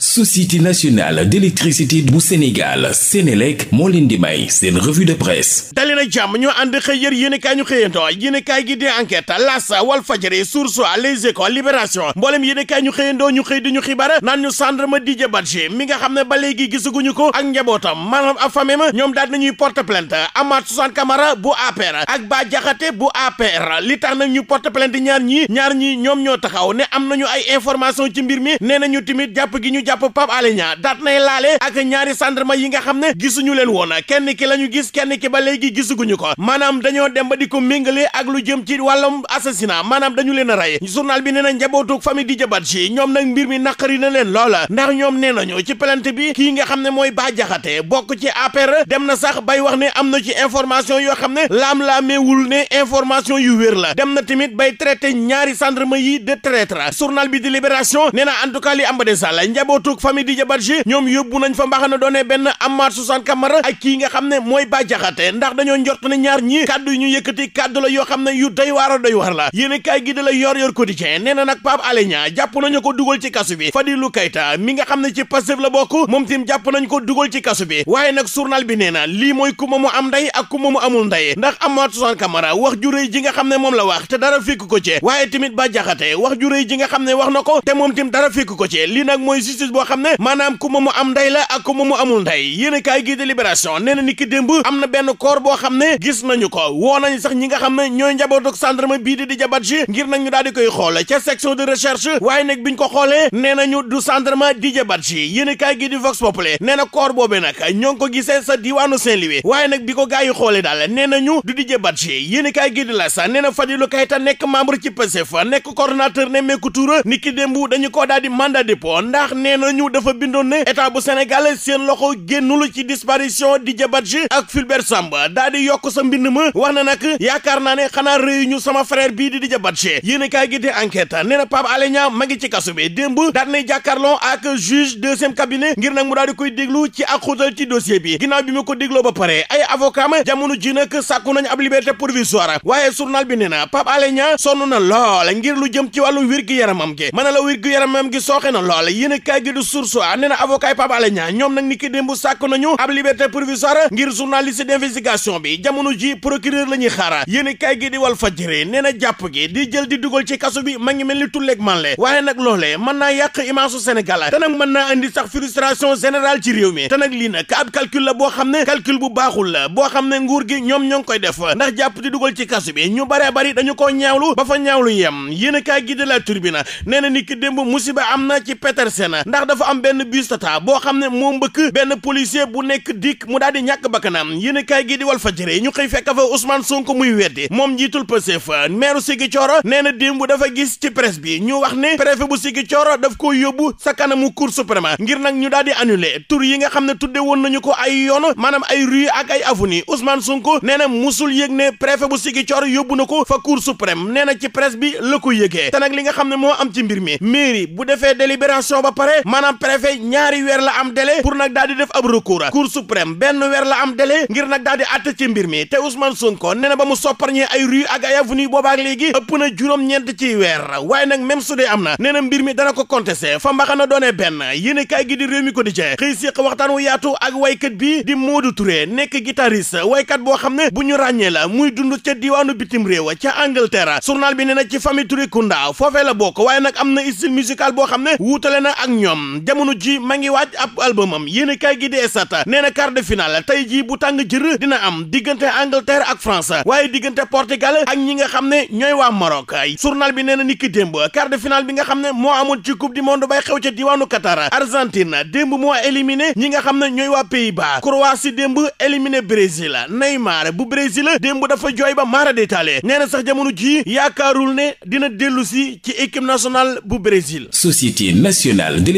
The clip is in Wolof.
société nationale d'électricité bu Sénégal Sénélec moo leen di may seen revue de presse dali na jàmm ñoo ànd xëy yër yéenekaay ñu xëyanto yéenekaay gi di enquête las Walf Fadjri Source A Les Échos Libération mboolem yéenekaay ñu xëyandoo ñu xëy di ñu xibaar naan ñu gendarme Didier Badji mi nga xam ne ba léegi ko ak njabootam maanaam a famem ñoom daal nañuy porte plainte Amath Suzanne Camara bu APR ak Bah Diakhaté bu APR li tax nag ñu porte plainte ñaar ñii ñaar ñii ñoom ñoo taxaw ne am nañu ay information ci mbir mi japp Pape Alé Niang daat nay laale ak ñaari gendarme yi nga xam ne gisuñu leen woon kenn ki la ñu gis kenn ki ba léegi gisuguñu ko maanaam dañoo dem ba di ko méngale ak lu jëm ci wàllum assassinat maanaam dañu leen a rey journal bi nee na njabootu famille Didier Badji ñoom nag mbir mi naqari na leen loola ndax ñoom nee nañu ci plainte bi kii nga xam ne mooy Bah Diakhaté bokk ci APR dem na sax bay wax ne am na ci information yoo xam ne laam-laameewul ne information yu wér la dem na tamit bay traité ñaari gendarme yi de traître journal di libération nee na en tout cas li am ba njabootuk famille Didier Badji ñoom yóbbu nañ fa mbaxana doone benn Amath Suzanne Camara ak kii nga xam ne mooy Bah Diakhaté ndax dañoo njort ne ñaar ñi kàddu yi ñu yëkkati kàddu la yoo xam ne yu doy waar a doy waar la yéen kaay gi da la nee na nag Pape Alé jàpp nañu ko dugal ci kasu bi Fadilou Keita mi nga xam ne ci Pastef la bokk moom tim jàpp nañ ko dugal ci kasu bi waaye nag journal bi nee na lii mooy ku mu am ndey ak ku mu wax na ko te moom tim justice boo xam ne maanaam ku ma mu am ndey la ak ku ma mu amul ndey yéen kaay gii de libération nee na ni ki démb am na benn koor boo xam ne gis nañu ko woo nañu sax ñi nga xam ne ñooy njabootu gendarme bii di di jabat ji ngir nag ñu daal di koy xoole ca section de recherche waaye nag biñ ko xoolee nee nañu du gendarme di bat ji yéen a kaay gii di vox populi nee na koor boobee nag ñoo ngi ko gisee sa diwaanu Saint-Louis waaye nag bi ko gaa yi xoolee daal nee nañu du di jabat ji yéen a kaay gii di la sax nee na Fadilou Keita nekk membre ci Pastef nekk coordonnateur ne meeku tuura ni ki démb dañu koo daal di mandat dépôt ndax nee nañu dafa bindoon ne état bu Sénégal seen loxo génnul ci disparition Didier Badji ak Fulbert Sambou daal di yokk sa mbind ma wax na nag yaakaar naa ne xanaa réyuñu sama frère bii di Didier Badji yéen kaay gi di enquête nee na Pape Alé Niang ma ngi ci kaso bi démb daal nay jàkkaarloo ak juge deuxième cabinet ngir nag mu daal di koy déglu ci ak xóotal ci dossier bi ginnaaw bi mu ko dégloo ba pare ay avocat ma jamono ji nag sàkku nañ ab liberté provisoire waaye journal bi nee na Pape Alé na lool ngir lu jëm ci wàllu wér-gu-yaramam gi mën na la wér-gu-yaramam gi sooxe na lool kaay gi du source nee na avocat Pape Alé Niang ñoom nag ni ki démb sàkk nañu ab liberté provisoire ngir journaliste d'investigation bi jamono ji procureur la ñuy xaar yéen kaay gi di Walf Fadjri nee na jàpp gi di jël di dugal ci kaso bi ma ngi mel ni tulleeg man le waaye nag loolee mën naa yàq image su Sénégal te nag mën naa indi sax frustration générale ci réew mi te nag lii nag ab calcul la boo xam ne calcul bu baaxul la boo xam ne nguur gi ñoom ñoo ngi koy def ndax jàpp di dugal ci kaso bi ñu bare bari dañu ko ñaawlu ba fa ñaawlu yem yéen kaay gi di La Tribune nee na ni ki démb musiba am na ci Petersen ndax dafa am benn bus tata boo xam ne moom mbëkk benn policier bu nekk dikk mu daal di ñàkk bakkanam yéen kaay gi di wal fa jëre ñu xëy fekk fa Ousmane Sonko muy weddi moom njiitul Pastef meeru Ziguinchor nee na démb dafa gis ci presse bi ñu wax ne préfet bu Ziguinchor daf ko yóbbu sa kanamu Cour suprême ngir nag ñu daal di annulé tur yi nga xam ne tudde woon nañu ko ay yoon maanaam ay rue ak ay avenue Ousmane Sonko nee na musul yëg ne préfet bu Ziguinchor yóbbu na ko fa Cour suprême nee na ci presse bi la ko nag li nga xam ne moo am ci mbir mi mairie bu defee délibération ba pare maanaam préfet ñaari weer la am délai pour nag daal di def ab recours cour suprême benn weer la am délai ngir nag daal di àtte ci mbir mi te Ousmane Sonko nee na ba mu sopparñee ay rue ak ay avenue boobaak léegi ëpp na juróom-ñeent ci weer waaye nag même am na nee mbir mi dana ko contesté fa mbaxana doonee benn yéen kaay gi di réew mi ko di cee xëy séq waxtaan wu yaatu ak waykat bi di Modou Touré nekk guitariste kat boo xam ne bu ñu ràññee la muy dund ca diwaanu bitim réew ca Angleterre journal bi nee na ci famille Touré Kunda foofee la bokk boo xam ne wuutale ñoom jamono ji ma ngi waaj ab albumam yéen kay gi di esat nee na quart de finale tey jii bu tàng jër dina am diggante Angleterre ak France waaye diggante Portugal ak ñi nga xam ne ñooy waa Maroc journal bi nee na niki démb quart bi nga xam ne moo amoon ci coupe du monde bay xew ca diwaanu Qatar Argentine démb moo éliminé ñi nga xam ne ñooy waa Pays-Bas Croatie démb éliminé Brésil Neymar bu Brésil démb dafa jooy ba maara détaillé nee na sax jamono jii yaakaarul si ci